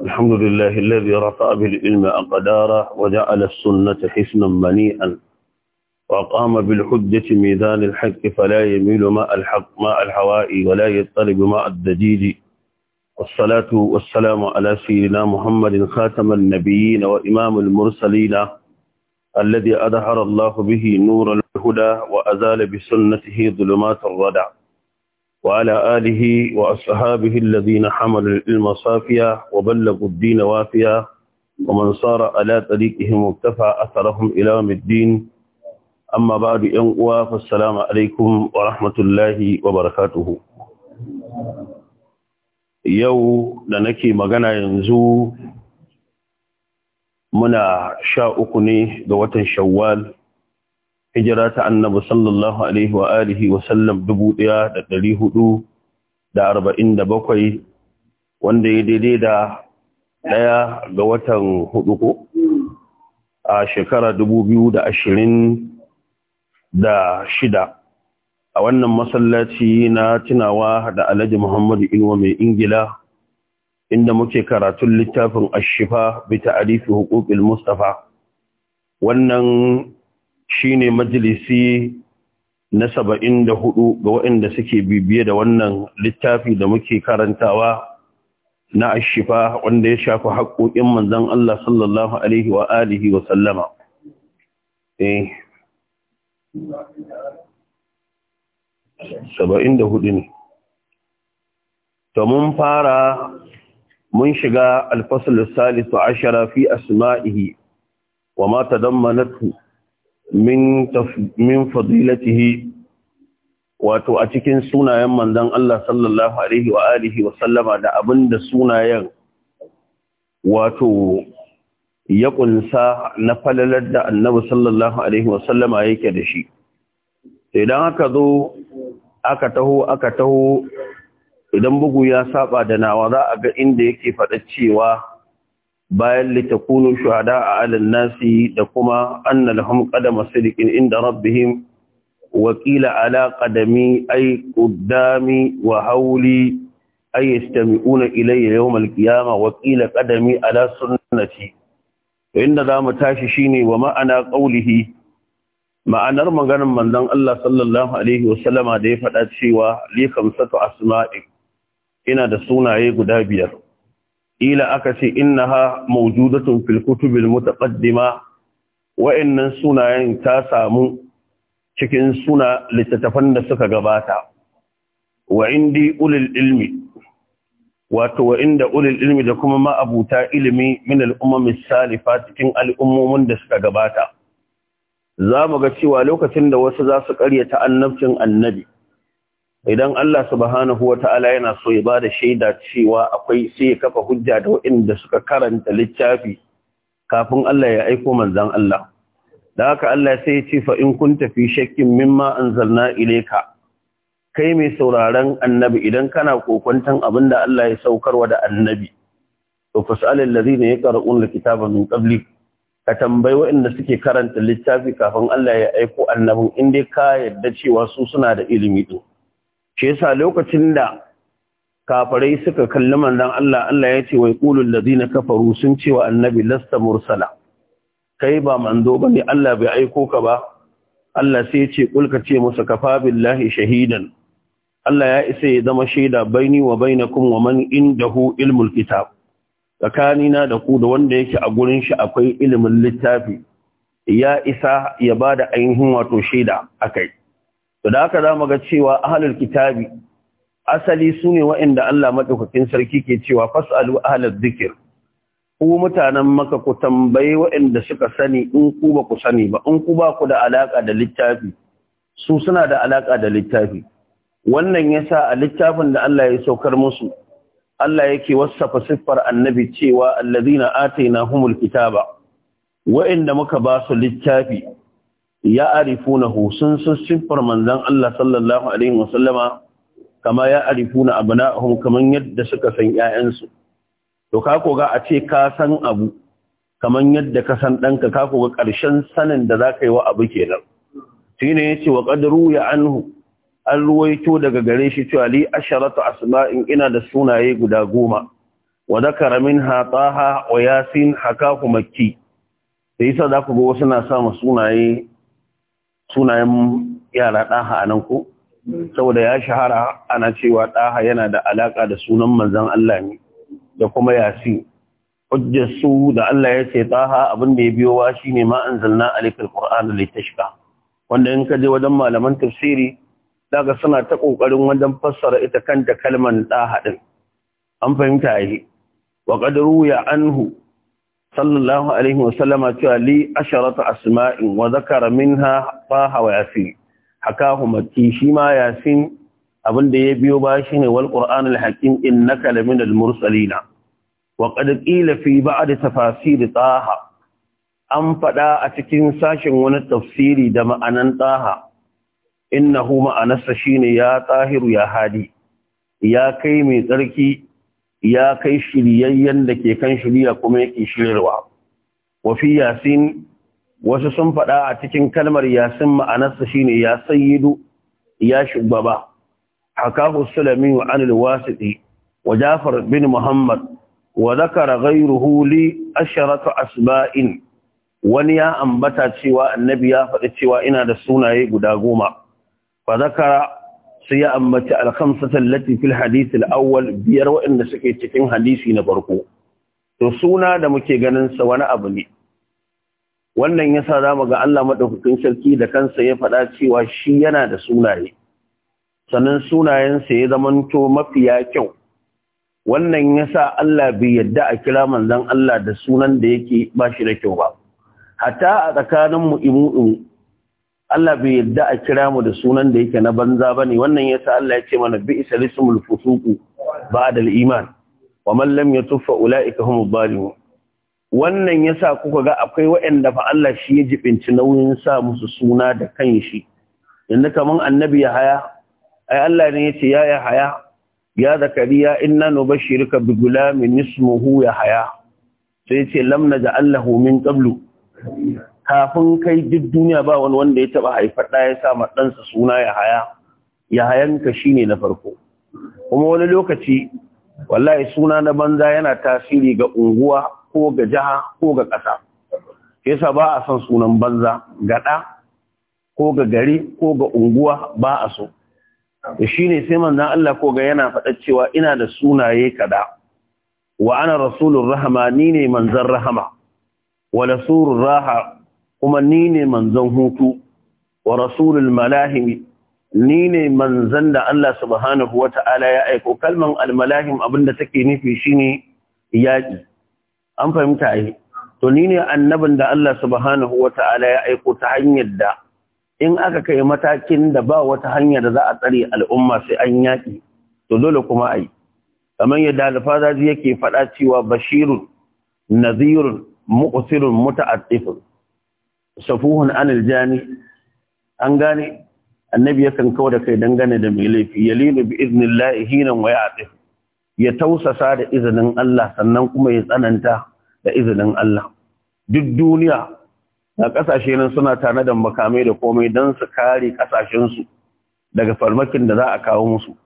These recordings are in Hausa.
الحمد لله الذي رفع بالعلم أقدارا وجعل السنة حسنا منيئا وقام بالحجة ميزان الحق فلا يميل ماء الحق ماء الحوائي ولا يضطرب ماء الدجيج والصلاة والسلام على سيدنا محمد خاتم النبيين وإمام المرسلين الذي أظهر الله به نور الهدى وأزال بسنته ظلمات الردع وعلى آله وأصحابه الذين حملوا العلم صافيا وبلغوا الدين وافيا ومن صار على طريقهم وابتفع أثرهم إلى يوم الدين أما بعد ينقوى فالسلام عليكم ورحمة الله وبركاته yau da nake magana yanzu muna sha uku ne ga watan shawwal hijira ta annabi sallallahu alaihi wa alihi wa sallam dubu ɗaya da ɗari hudu da arba'in da bakwai wanda ya daidai da ɗaya ga watan hudu ko a shekara dubu biyu da ashirin da shida a wannan masallaci na tunawa da alhaji muhammadu inuwa mai ingila inda muke karatun littafin ashifa bi ta'arifi huquqil mustafa wannan shine majalisi na saba'in da hudu ga waɗanda suke bibiye da wannan littafi da muke karantawa na ashifa wanda ya shafi haƙoƙin manzan Allah sallallahu alaihi wa alihi wa sallama eh. saba'in da hudu ne to mun fara mun shiga alfasul salisu ashara fi asma'ihi wa ma manatu. min min fadilatihi wato a cikin sunayen manzon Allah sallallahu alaihi wa alihi wa sallama da abinda sunayen wato ya kunsa na falalar da Annabi sallallahu alaihi wa sallama yake da shi idan aka zo aka taho aka taho idan bugu ya saba da nawa za a ga inda yake faɗa cewa bayan litakunu shuhada a alin nasi da kuma anna lahum qadama sidiqin inda rabbihim Wakila ala qadami ay qaddami wa hawli ay yastami'una ilayya yawm al qadami ala sunnati inda zamu tashi shine wa ma'ana qawlihi ma'anar maganar manzon Allah sallallahu alaihi wasallama da ya faɗa cewa li khamsatu asma'i ina da sunaye guda biyar ila aka ce innaha ha maujudatun kutubil mutaqaddima wa'annan sunayen ta samu cikin suna littattafan da suka gabata wa indi ulil ilmi wato wa inda ulil ilmi da kuma ma'abuta ilimi min al'ummamis misalifa cikin al'ummomin da suka gabata za mu ga cewa lokacin da wasu za su ƙaryata annabcin annabi idan Allah subhanahu wata'ala yana so ya bada shaida cewa akwai sai ya kafa hujja da waɗanda suka karanta littafi kafin Allah ya aiko manzan Allah da haka Allah sai ya ce fa in kun tafi shakkin mimma anzalna ilayka kai mai sauraron annabi idan kana kokontan abinda Allah ya saukarwa da annabi to fasalil ladina yaqra'un alkitaba min qabli ka tambayi waɗanda suke karanta littafi kafin Allah ya aiko annabin in dai ka yadda cewa su suna da ilimi din shi yasa lokacin da kafarai suka kalli manzon Allah Allah ya ce wai qulul ladina kafaru sun ce wa annabi lasta mursala kai ba manzo bane Allah bai aiko ka ba Allah sai ya ce kul ka ce musu kafa billahi shahidan Allah ya isa ya zama shaida baini wa bainakum wa man indahu ilmul kitab tsakanina da ku da wanda yake a gurin shi akwai ilimin littafi ya isa ya bada ainihin wato shaida akai to da haka zamu ga cewa ahlul kitabi asali sune wa'inda Allah madaukakin sarki ke cewa fasalu ahlul zikr ku mutanen maka ku tambayi wa'inda suka sani in ku ba ku sani ba in ku ba ku da alaka da littafi su suna da alaka da littafi wannan yasa a littafin da Allah ya saukar musu Allah yake wasafa siffar annabi cewa allazina atainahumul kitaba wa'inda muka ba su littafi ya arifunahu sun sun siffar manzan Allah sallallahu alaihi wasallama kama ya arifuna abna'ahum kaman yadda suka san 'ya'yansu. to ka koga a ce ka san abu kaman yadda ka san ɗanka ka koga ƙarshen sanin da za ka yi wa abu kenan ya ce wa ƙadiru ya anhu an ruwaito daga gare shi cewa li asharatu asma'in ina da sunaye guda goma wa zakara minha taha wa yasin hakahu makki sai yasa za ku ga wasu na sa sunaye sunayen yara ɗaha a nan ko saboda ya shahara ana cewa ɗaha yana da alaƙa da sunan manzan Allah ne da kuma yasi hujjar su da Allah ya ce ɗaha abin da ya biyo wa shi shine ma anzalna da qur'ana litashqa wanda in ka je wajen malaman tafsiri daga suna ta ƙoƙarin wajen fassara ita kanta kalmar ɗaha din an fahimta yi wa qad ya anhu sallallahu alaihi wasallama cewa li asharatu asma'in wa zakara minha faha wa yasin hakahu shi ma yasin abinda ya biyo ba shi ne wal qur'anul hakim innaka laminal mursalina wa qad qila fi ba'd tafasir taha an fada a cikin sashin wani tafsiri da ma'anan taha innahu ma'anarsa shine ya tahiru ya hadi ya kai mai tsarki ya kai shiryayyen da ke kan shirya kuma yake shirarwa wa fi yasin wasu sun faɗa a cikin kalmar yasin ma'anarsa shine ya sayyidu ya shugaba hakahu sulami wa anil wasiti wa jafar bin muhammad wa zakara ghayruhu li asharatu asba'in wani ya ambata cewa annabi ya faɗi cewa ina da sunaye guda goma fa zakara sai ya ambaci alkhamsata lati fil hadith al-awwal biyar waɗanda suke cikin hadisi na farko to suna da muke ganin sa wani abu ne wannan yasa zamu ga Allah madaukakin sarki da kansa ya faɗa cewa shi yana da sunaye sannan sunayensa ya zamanto mafiya kyau wannan yasa Allah bai yadda a kira manzon Allah da sunan da yake ba shi da kyau ba hatta a tsakanin mu Allah bai yadda a kira mu da sunan da yake na banza ba ne wannan yasa Allah ya ce mana bi isa fusuku ba'da da iman wa man lam yatuffa ulaika humu zalimun wannan yasa kuka ga akwai waɗanda fa Allah shi ya jibinci nauyin sa musu suna da kanshi yanda kaman annabi Yahaya ai Allah ne yace ya Yahaya ya zakariya inna nubashshiruka bi gulamin ismuhu Yahaya sai yace lam naj'al lahu min qablu kafin kai duk duniya ba wani wanda ya taba haifar ɗaya sa ma ɗansa suna ya haya ya hayanka shine na farko kuma wani lokaci wallahi suna na banza yana tasiri ga unguwa ko ga jiha ko ga ƙasa yasa ba a son sunan banza gaɗa ko ga gari ko ga unguwa ba a so shine sai manzan Allah ko ga yana faɗa cewa ina da sunaye kada wa ana rasulun rahama ni ne manzan rahama wa rasulun raha kuma ni ne manzon hutu wa rasulul malahimi ni ne manzon da Allah subhanahu ta'ala ya aiko kalman almalahim abinda take nufi ne yaƙi. an fahimta ai to ni ne annabin da Allah subhanahu ta'ala ya aiko ta hanyar da in aka kai matakin da ba wata hanyar da za a tsare al'umma sai an yaƙi. to dole kuma yi. kamar yadda alfazaji yake faɗa cewa bashirun nazirun Mu'usirun, muta'attifin safuhun anil jani an gane annabi yakan kawo da kai dangane da mai laifi lilu bi iznillahi hinan wa ya'tif ya tausasa da izinin Allah sannan kuma ya tsananta da izinin Allah duk duniya na kasashe nan suna tare da makamai da komai don su kare su daga farmakin da za a kawo musu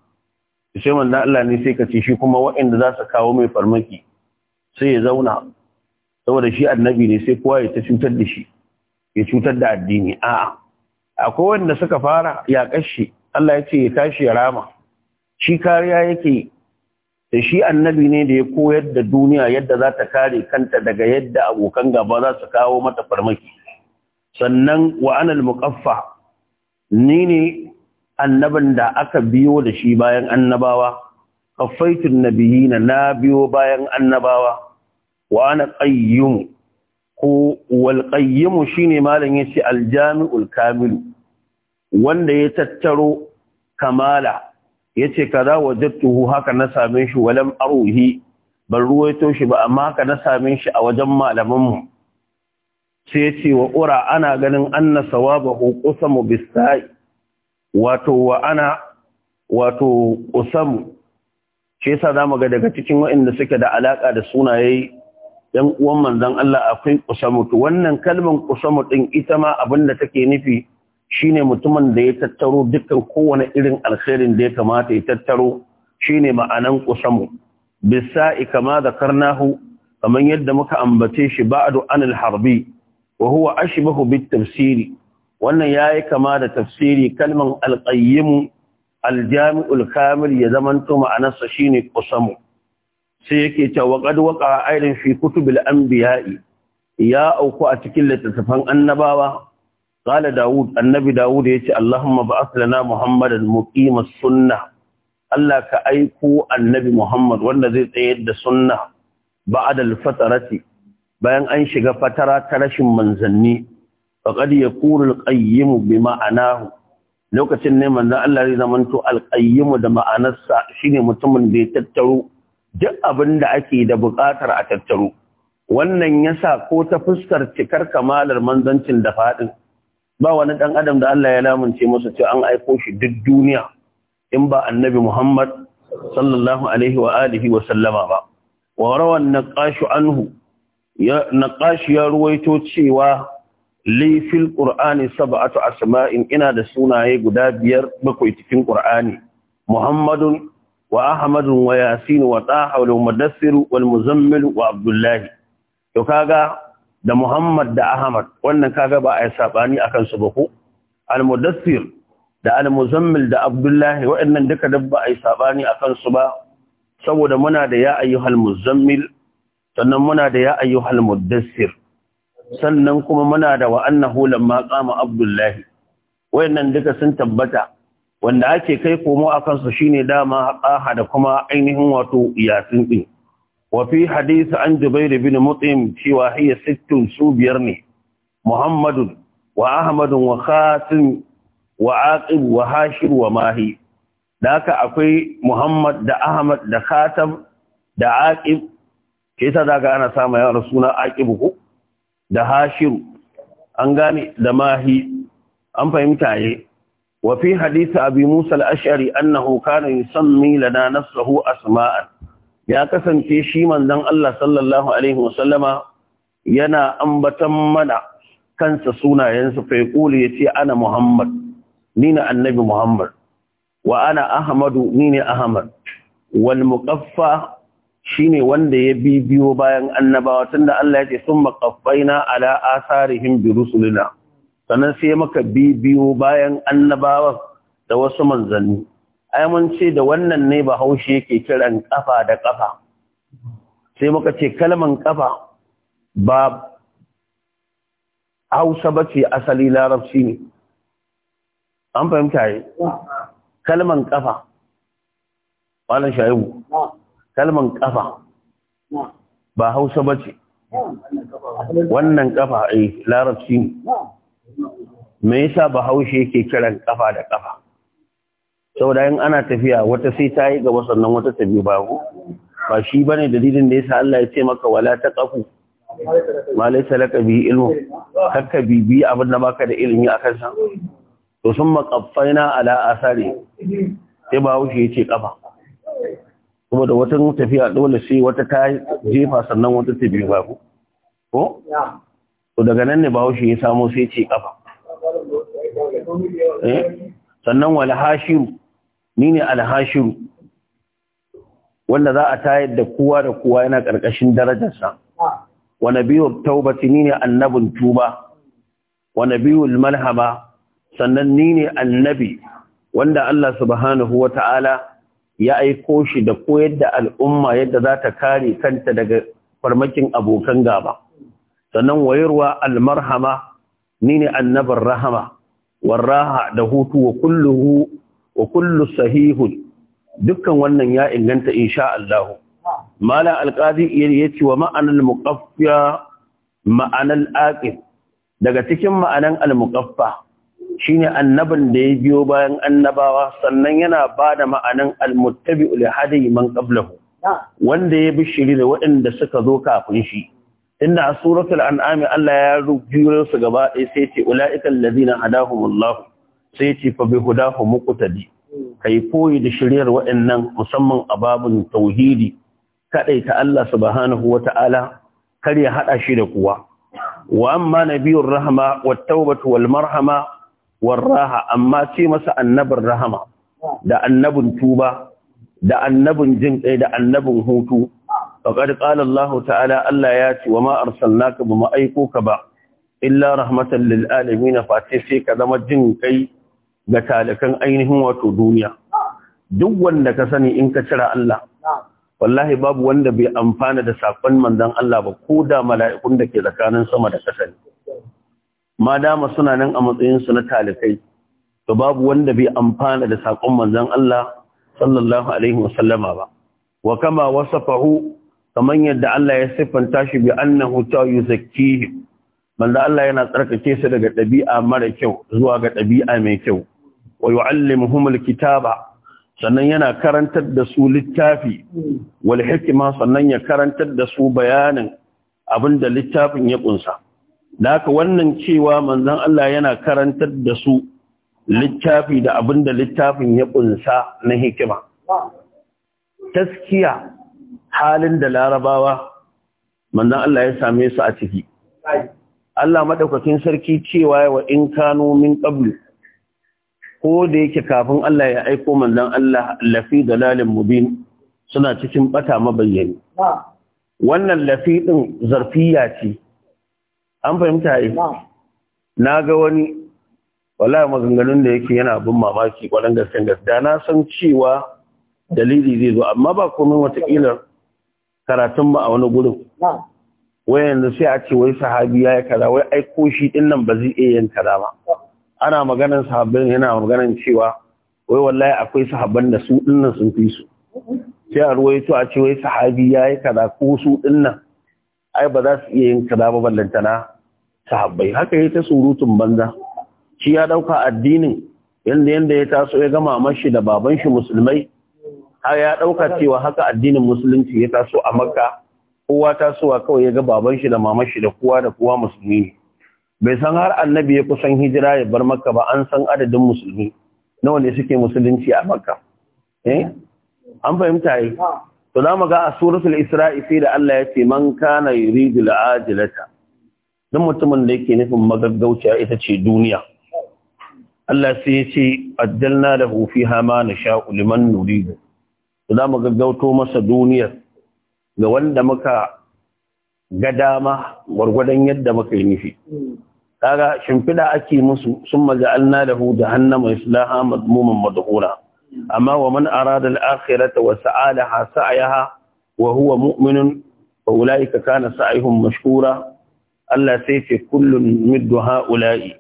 sai wanda Allah ne sai ka ce shi kuma waɗanda za su kawo mai farmaki sai ya zauna saboda shi annabi ne sai kowa ya ta cutar da shi ya cutar da addini a'a akwai wanda suka fara ya kashi Allah ya ce ya tashi ya rama shi kariya yake da shi annabi ne da ya koyar da duniya yadda za ta kare kanta daga yadda abokan gaba za su kawo mata farmaki sannan wa anal muqaffa ni ne annabin da aka biyo da shi bayan annabawa kaffaitun nabiyina na biyo bayan annabawa wa ana qayyum ko walƙayyimu shi ne malam ya ce aljami'ul kamilu wanda ya tattaro kamala ya ce kaza jattuhu haka na same shi walam aruhi ban ruwaito shi ba amma haka na same shi a wajen malamanmu sai ya ce wa ƙura ana ganin anna sawabahu qusamu bisai wato wa ana wato qusamu shi yasa zamu ga daga cikin waɗanda suke da alaƙa da sunaye yan uwan manzon Allah akwai kusamutu wannan kalman kusamut din ita ma abin da take nufi shine mutumin da ya tattaro dukkan kowane irin alkhairin da ya kamata ya tattaro shine ma'anan kusamu bisa'i kama karnahu kamar yadda muka ambace shi ba'adu anil harbi wa huwa ashbahu bit tafsiri wannan yayi kama da tafsiri kalman alqayyim aljami'ul kamil ya zamanto ma'anarsa shine kusamu sai yake cewa qad waqa ayrin fi kutubil anbiya'i ya auku a cikin littattafan annabawa qala daud annabi daud yace allahumma ba'ath lana muhammadan muqimas sunna Allah ka aiko annabi muhammad wanda zai tsayar da sunna ba'da al-fatarati bayan an shiga fatara ta rashin manzanni faqad yakunu al-qayyim bi ma'anahu lokacin ne manzon Allah zai zamanto al-qayyim da ma'anarsa shine mutumin da ya tattaro duk abin da ake da buƙatar a tattaro wannan yasa ko ta fuskar cikar kamalar manzancin da faɗin ba wani ɗan adam da Allah ya lamunce masa cewa an aiko shi duk duniya in ba annabi Muhammad sallallahu alaihi wa alihi wa sallama ba wa rawan naqashu anhu ya naqashi ya ruwaito cewa li fil qur'ani sab'atu asma'in ina da sunaye guda biyar bakwai cikin qur'ani Muhammadun وأحمد وياسين وطاح والمدثر والمزمل وعبد الله to kaga da Muhammad da Ahmad wannan kaga ba a yi sabani akan su ba ko al da al da Abdullahi waɗannan duka dabba a yi sabani akan su ba saboda muna da ya ayyuhal muzammil sannan muna da ya ayyuhal mudaththir sannan kuma muna da wa annahu lamma qama Abdullahi waɗannan duka sun tabbata wanda ake kai komo a kansu shine dama qaha da kuma ainihin wato yasin din wa fi hadisi an jubair bin mut'im cewa hiya sittin su biyar ne Muhammadu wa Ahmadu wa khatim wa aqib wa hashir wa mahi da haka akwai muhammad da ahmad da khatam da aqib ke ta daga ana samu yawan suna aqib ko da hashir an gane da mahi an fahimta yayi eh. وفي حديث أبي موسى الأشعري أنه كان يسمي لنا نفسه أسماء يا كسن تيشي من دن الله صلى الله عليه وسلم ينا أنبتا منع كان سسونا ينسى فيقول يتي أنا محمد نين النبي محمد وأنا أحمد نين أحمد والمقفى shine wanda ya bibiyo bayan annabawa tunda Allah ya ce summa qaffayna ala asarihim bi rusulina sannan sai maka bibiyo bayan annabawa da wasu manzanni ai mun ce da wannan ne bahaushe yake kiran kafa da kafa sai muka ce kalman kafa ba hausa ba ce asali larabci ne an fahimta yi kalman kafa malam shaibu kalman kafa ba hausa ba ce wannan kafa ai eh, larabci ne me yasa bahaushe yake kiran kafa da kafa saboda in ana tafiya wata sai ta yi gaba sannan wata ta biyu bago ba shi bane dalilin da yasa Allah ya ce maka wala ta ma laysa laka bi ilmu bi bi abin da baka da ilimi a sa to sun maqaffaina ala asari sai bahaushe yace kafa da wata tafiya dole sai wata ta jefa sannan wata ta biyu bago ko to daga nan ne bahaushe ya samo sai ce kafa eh? sannan wal hashiru ni ne al wanda za a tayar da kowa da kowa yana karkashin darajarsa wa nabiyyu taubati ni ne annabin tuba wa nabiyyul malhama sannan ni ne annabi wanda Allah subhanahu wata'ala ya aiko shi da koyar da al'umma yadda za ta kare kanta daga farmakin abokan gaba sannan wayarwa almarhama ni ne annabar rahama warraha da hutu wa kulluhu wa kullu sahihun dukkan wannan ya inganta insha Allah malam alqadi yace wa ma'anal muqaffiya ma'anal aqib daga cikin ma'anan al shine annabin da ya biyo bayan annabawa sannan yana bada ma'anan al-muttabi'u li hadi man qablahu wanda ya bi shiri da waɗanda suka zo kafin shi da a suratul an'ami Allah ya rubuta su gaba ɗaya sai ce ulaiikal ladina hadahumullah sai ce fa bihudahu muqtadi kai koyi da shiryar waɗannan musamman a babun tauhidi kadaita Allah subhanahu wata'ala kar ya hada shi da kuwa wa amma nabiyur rahma wat tawbatu wal marhama war raha amma ce masa annabin rahama da annabin tuba da annabin jin da annabin hutu Faƙar qala Allah ta'ala Allah ya ce wa ma arsalnaka aiko ka ba illa rahmatan lil'alami na face sai ka zama jin kai ga talikan ainihin wato duniya duk wanda ka sani in ka cira Allah wallahi babu wanda bai amfana da sakon manzon Allah ba ko da mala'ikun da ke tsakanin sama da ƙasa ma dama suna nan a matsayin su na talikai to babu wanda bai amfana da sakon manzon Allah sallallahu alaihi wasallama ba wa kama faru. kamar yadda Allah ya siffanta shi bi annahu ta yuzakkihi manzo Allah yana tsarkake su daga ɗabi'a mara kyau zuwa ga ɗabi'a mai kyau wa yu'allimuhumul kitaba sannan yana karantar da su littafi wal hikma sannan ya karantar da su bayanin abinda littafin ya kunsa da haka wannan cewa manzon Allah yana karantar da su littafi da abinda littafin ya kunsa na hikima taskiya halin da larabawa manzon Allah ya same su a ciki Allah maɗaukakin sarki cewa wa in kano min qablu ko da yake kafin Allah ya aiko manzan Allah lafi mu mubin suna cikin ɓata mabayyani wannan lafi zarfi zarfiya ce an fahimta yi na ga wani wallahi maganganun da yake yana bin mamaki kwarin gasken da na san cewa dalili zai zo amma ba komin watakila karatun ba a wani gurin wai yanzu sai a ce wai sahabi ya yi kaza wai aiko shi din nan ba zai iya yin kaza ba ana maganar sahabbin yana maganar cewa wai wallahi akwai sahabban da su din nan sun fi su sai a ruwaito a ce wai sahabi ya yi kaza ko su din nan ai ba za su iya yin kaza ba ballantana sahabbai haka yi ta surutun banza shi ya dauka addinin yanda yanda ya taso ya gama shi da baban shi musulmai har ya ɗauka cewa haka addinin musulunci ya taso a makka kowa tasowa kawai ya ga baban shi da mama shi da kowa da kowa musulmi ne bai san har annabi ya kusan hijira ya bar makka ba an san adadin musulmi nawa ne suke musulunci a makka eh an fahimta yi ah. to za mu ga a suratul isra'i sai da Allah ya ce man kana yuridu al'ajilata dan mutumin da yake nufin magaggauciya ita ce duniya Allah sai ya ce addalna lahu fiha ma nasha'u liman nuridu za mu gaggauto masa duniyar ga wanda muka ga dama gwargwadon yadda muka yi nufi kaga shimfiɗa ake musu sun da lahu mai sulaha madmuman madhura amma wa man arada al-akhirata wa sa'alaha sa'yaha wa huwa mu'minun fa ulaika kana sa'yuhum mashkura Allah sai ce kullun middu ha'ula'i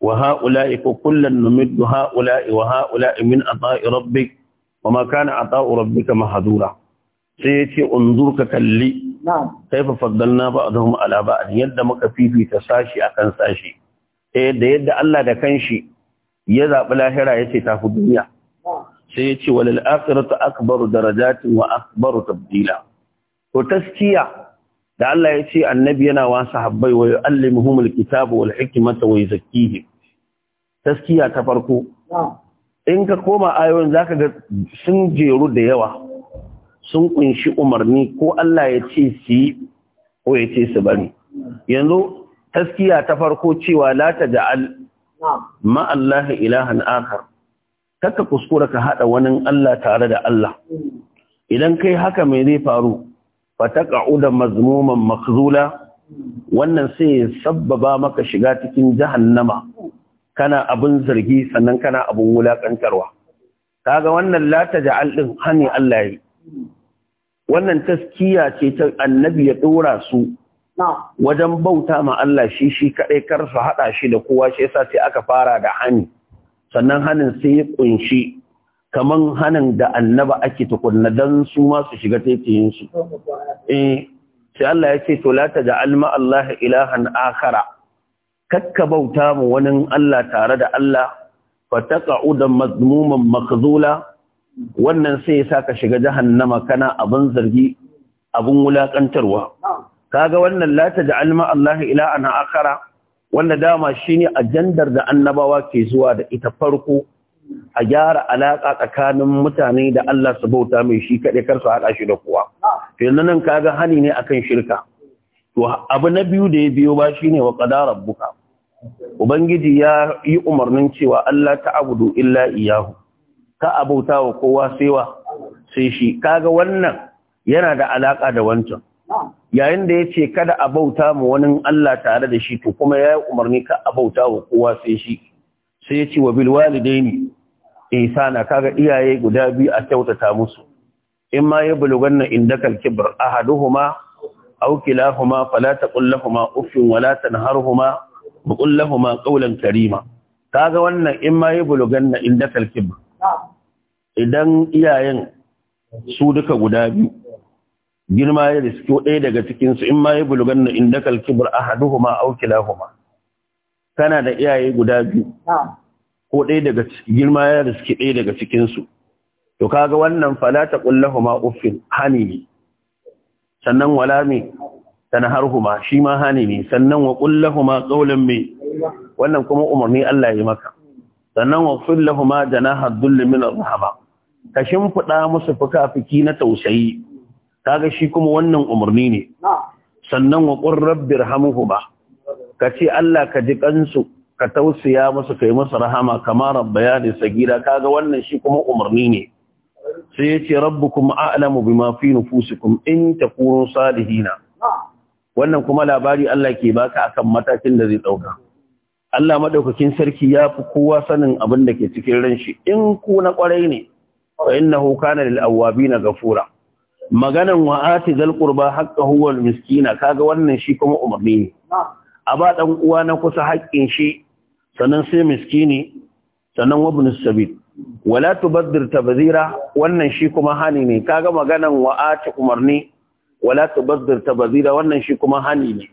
wa ha'ula'i fa kullun numiddu ha'ula'i wa ha'ula'i min ata'i rabbi wa ma kana ata'u rabbika mahdura sai yace unzur ka kalli kaifa faddalna ba'dahum ala ba'd yadda muka fifita sashi akan sashi eh da yadda Allah da kanshi ya zabi lahira yace tafi duniya sai yace walal akhiratu akbaru darajatin wa akbaru tabdila to taskiya da Allah ya ce annabi yana wa sahabbai wa yu'allimuhumul kitaba wal hikmata wa yuzakkihim taskiya ta farko in ka koma ayoyin za ka ga sun jeru da yawa sun kunshi umarni ko Allah ya ce su yi ko ya ce su bari yanzu taskiya ta farko cewa la ta ja'al ma ilahan akar ka kuskura ka haɗa wani Allah tare da Allah idan kai haka mai zai faru da mazmuman makhzula wannan sai ya sabbaba maka shiga cikin jahannama kana abun zargi sannan kana abin wulakantarwa kaga wannan la taj'al din hani Allah yi wannan taskiya ce ta annabi ya ɗora su wajen bauta ma Allah shi shi kaɗai kar su hada shi da kowa shi yasa sai aka fara da hani sannan hanin sai ya ƙunshi, kaman hanin da annaba ake tukunna dan su ma su shiga taitayin eh sai Allah ya ce to la taj'al ma Allah ilahan akara. kakka bauta mu wani Allah tare da Allah kauda mazmuman makhzula wannan sai ya ka shiga jahannama kana abin zargi abin wulakantarwa kaga wannan la taj'al ma Allah ila ana akhara wanda dama shine ajandar da annabawa ke zuwa da ita farko a gyara alaƙa tsakanin mutane da Allah su bauta mai shi kade kar su haɗa shi da kowa. Yanzu nan kaga hani ne akan shirka. To abu na biyu da ya biyo ba shine wa ƙada rabbuka. ubangiji ya yi umarnin cewa Allah ta abudu illa iyahu ka abuta wa kowa sewa sai shi kaga wannan yana da alaƙa da wancan yayin da ya ce kada a bauta mu wani Allah tare da shi to kuma ya yi umarni ka abauta wa kowa sai shi sai ya ce wa ne? Isa na kaga iyaye guda biyu a kyautata musu in ma ya buluganna indakal kibr ahaduhuma aw falata fala falata ufin uffin wala huma buqul lahumu qawlan karima kaga wannan in ma yi na inda ba idan iyayen su duka guda biyu girma ya riski ɗaya daga cikin su in ma yi na inda kalkib ahaduhuma aw kilahuma kana da iyaye guda biyu ko ɗaya daga girma ya riski ɗaya daga cikin su to kaga wannan fala taqul lahumu uffin hani sannan wala mi tanharhuma shi ma hani ne sannan wa qul qawlan mai wannan kuma umarni Allah ya maka sannan wa qul lahumu janaha dhull min ar-rahma ka shimfida musu fuka-fuki na tausayi kaga shi kuma wannan umarni ne sannan wa qur ka kace Allah ka ji kansu ka tausaya musu kai musu rahama kama rabbayani sagira kaga wannan shi kuma umarni ne sai yace rabbukum a'lamu bima fi nufusikum in takunu salihina wannan kuma labari Allah ke baka akan matakin da zai dauka Allah madaukakin sarki ya fi kowa sanin abin da ke cikin ran shi in ku na kwarai ne wa innahu kana lil awabin ghafura maganan wa ati zal qurba haqqahu wal miskina kaga wannan shi kuma umarni ne a ba dan uwa na kusa haƙƙin shi sannan sai miskini sannan wabnus sabil wala tubaddir tabdhira wannan shi kuma hani ne kaga maganan wa ati umarni wala tubazzir bazira wannan shi kuma hani ne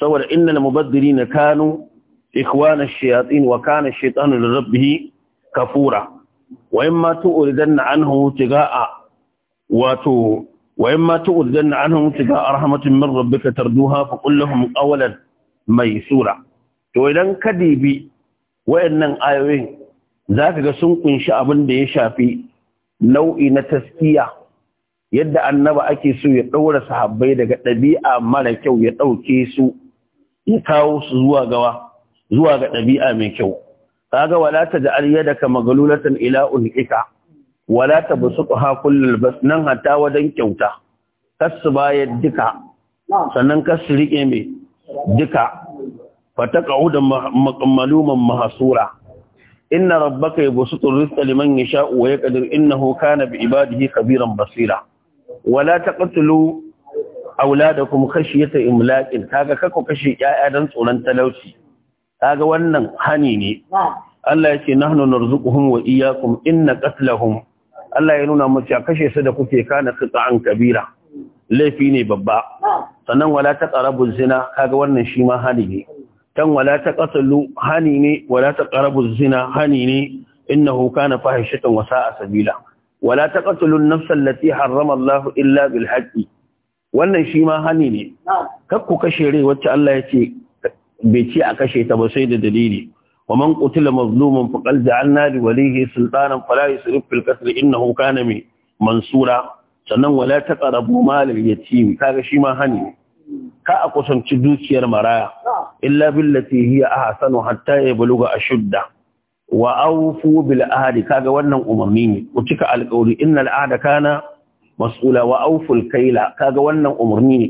saboda innal mubaddirina kanu ikhwana ash-shayatin wa kana ash-shaytanu li rabbih kafura wa imma tu'ridanna anhu tigaa wato wa imma tu'ridanna anhu tigaa rahmatin min rabbika tarduha fa qul lahum qawlan maysura to idan kadibi wayannan ayoyin zaka ga sun kunshi abin da ya shafi nau'i na taskiya yadda annaba ake so ya ɗaura sahabbai daga ɗabi'a mara kyau ya ɗauke su ya kawo su zuwa gawa zuwa ga ɗabi'a mai kyau kaga wala taj'al yadaka maglulatan ila ulika wala tabsuqha kullul bas nan hatta wajen kyauta kasu bayar duka sannan kasu rike mai duka fataqa'uda maluman mahasura. inna rabbaka yabsutu rizqa liman yasha'u wa yaqdir innahu kana bi ibadihi kabiran basira wala taqtulu auladakum khashyata imlaqin kaga kako kashi yaya dan tsoron talauci kaga wannan hani ne Allah yake nahnu narzuquhum wa iyyakum inna qatlahum Allah ya nuna mu cewa kashe su da kuke kana qita'an kabira laifi ne babba sannan wala taqrabu zina kaga wannan shi ma hani ne tan wala taqtulu hani ne wala taqrabu zina hani ne innahu kana fahishatan wa sa'a sabila wala taqtulun nafsal lati harrama Allah illa bil haqqi wannan shi ma hani ne kar kashe rai wacce Allah ya ce bai ci a kashe ta ba sai da dalili wa man qutila mazluman faqad ja'alna li walihi sultanan fala yusrif fil qatl innahu kana mansura sannan wala taqrabu mal al yatim kaga shi ma hani ne ka a kusanci dukiyar maraya illa billati hiya ahsanu hatta yabluga ashudda wa awfu bil ahdi kaga wannan umarni ne ku cika alƙawari innal ahda kana mas'ula wa awfu al kayla kaga wannan umarni ne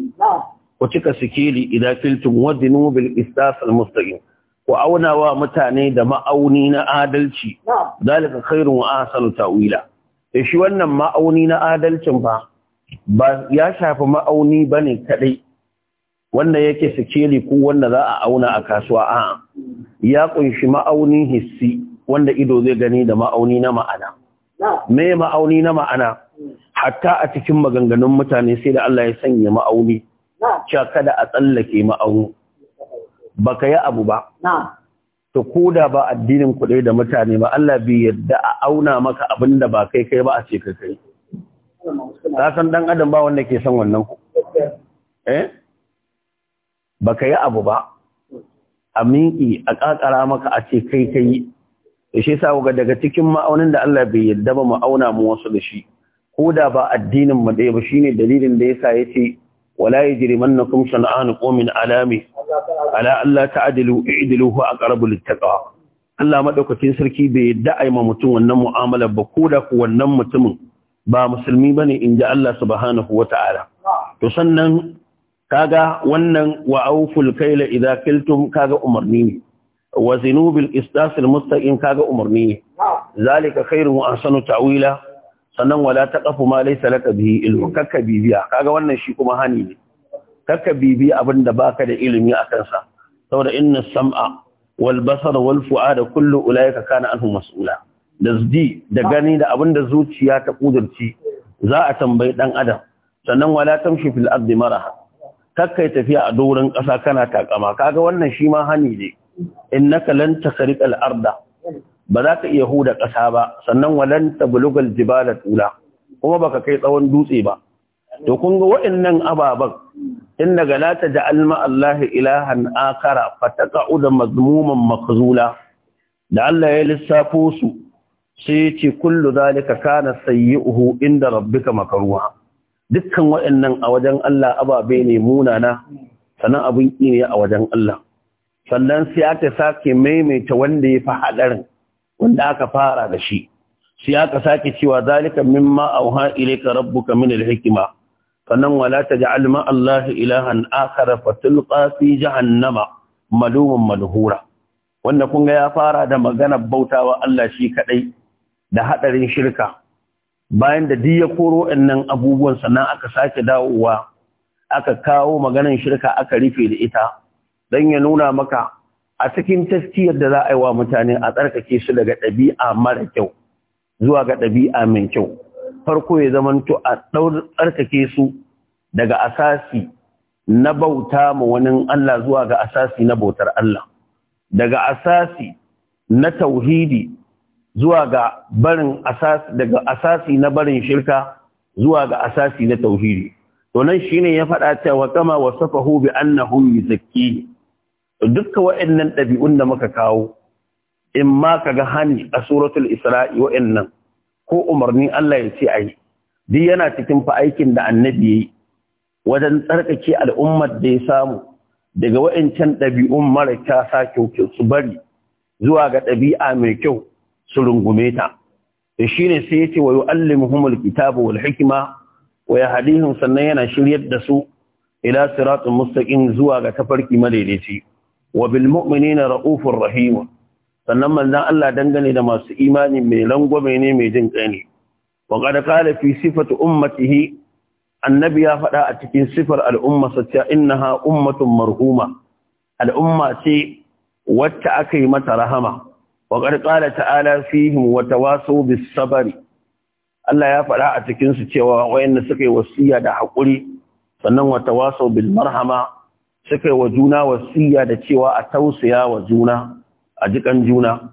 ku cika sikeli idan filtum wadinu bil istas al mustaqim ku auna wa mutane da ma'auni na adalci zalika khairun wa ahsanu ta'wila eh shi wannan ma'auni na adalcin ba? ba ya shafi ma'auni bane kadai wanda yake sikeli ko wanda za a auna a kasuwa a ya kunshi ma'aunin hissi wanda ido zai gani da ma'auni na ma'ana me ma'auni na ma'ana hatta a cikin maganganun mutane sai da Allah ya sanya ma'auni cewa kada a tsallake ma'auni ka yi abu ba to koda ba addinin kuɗe da mutane ba Allah bi yadda a auna maka abin da ba kai kai ba a ce ka kai ka san dan adam ba wanda ke son wannan ku eh ka yi abu ba a minki a ƙaƙara maka a ce kai kai da eh, shi sa ga daga cikin ma'aunin da Allah bai yarda ba ma'auna mu wasu da shi ko da ba addinin mu ɗaya ba shine dalilin da yasa yace wala yajrimannakum shan'an qawmin alami ala Allah ta'dilu i'dilu huwa aqrabu littaqwa Allah madaukakin sarki bai yarda ai ma mutum wannan mu'amalar ba ko da ku wannan mutumin ba musulmi bane inji Allah subhanahu wata'ala to sannan kaga wannan wa auful kaila idza kiltum kaga umarni ne wa zinubil istasil mustaqim kaga umarni zalika khairun wa ahsanu ta'wila sannan wala taqafu ma laysa laka bihi ilmu Kaka bibiya kaga wannan shi kuma hani ne Kaka bibiya abinda baka da ilimi akan sa saboda inna sam'a wal basara wal fu'ada kullu ulaika kana anhu mas'ula da da gani da abinda zuciya ta kudurci za a tambayi dan adam sannan wala tamshi fil ardi maraha kakkai tafiya a doron ƙasa kana takama kaga wannan shi ma hani ne innaka lan tasriq al-arda ba za ka iya huda ƙasa ba sannan walan tablugal jibala tula kuma baka kai tsawon dutse ba to kun ga waɗannan ababan inna ga la taj'al ma Allah ilahan akara da mazmuman makhzula da Allah ya lissafo su sai ce kullu zalika kana sayyi'uhu inda rabbika makruha dukkan waɗannan a wajen Allah ababe ne munana sannan abin ne a wajen Allah sannan sai aka sake maimaita wanda ya fi haɗarin wanda aka fara da shi sai aka sake cewa zalika mimma auha ilayka rabbuka min al-hikma sannan wala taj'al ma Allah ilahan akhar fatulqa fi jahannama malumun malhura wanda kun ga ya fara da maganar bautawa Allah shi kadai da hadarin shirka bayan da diya ya koro ɗannan abubuwan sannan aka sake dawowa aka kawo maganar shirka aka rufe da ita don ya nuna maka a cikin taskiyar da za a yi wa mutane a tsarkake su daga ɗabi'a mara kyau zuwa ga ɗabi'a mai kyau farko ya zamanto a tsarkake su daga asasi na bauta ma wani Allah zuwa ga asasi na bautar Allah daga asasi na tauhidi zuwa ga barin asasi daga asasi na barin shirka zuwa ga asasi na tauhidi to nan shine ya faɗa cewa kama wasafahu bi annahum yuzakki Dukka wa'annan ɗabi'un da muka kawo in ma ka ga hani a suratul isra'i wa'annan ko umarni Allah ya ce a yi duk yana cikin fa aikin da annabi ya yi wajen tsarkake al'ummar da ya samu daga wa'ancan ɗabi'un mara kyasa kyau su bari zuwa ga ɗabi'a mai kyau su rungume ta shi ne sai ya ce wa yu'allimuhumul kitaba wal hikima wa yahdihim sannan yana shiryar da su ila siratul mustaqim zuwa ga tafarki madaidaici wa bil mu'minina ra'ufur rahim sannan manzon Allah dangane da masu imani mai langwame ne mai jin kani wa qad qala fi sifati ummatihi annabi ya faɗa a cikin sifar al'umma sace innaha ummatun marhuma al'umma ce wacce aka yi mata rahama wa qad qala ta'ala fihim wa tawasaw bis sabri Allah ya faɗa a cikinsu cewa wayanda suka yi wasiya da haƙuri sannan wata waso bil marhama suka yi wa juna wasiya da cewa a tausaya wa juna a jikan juna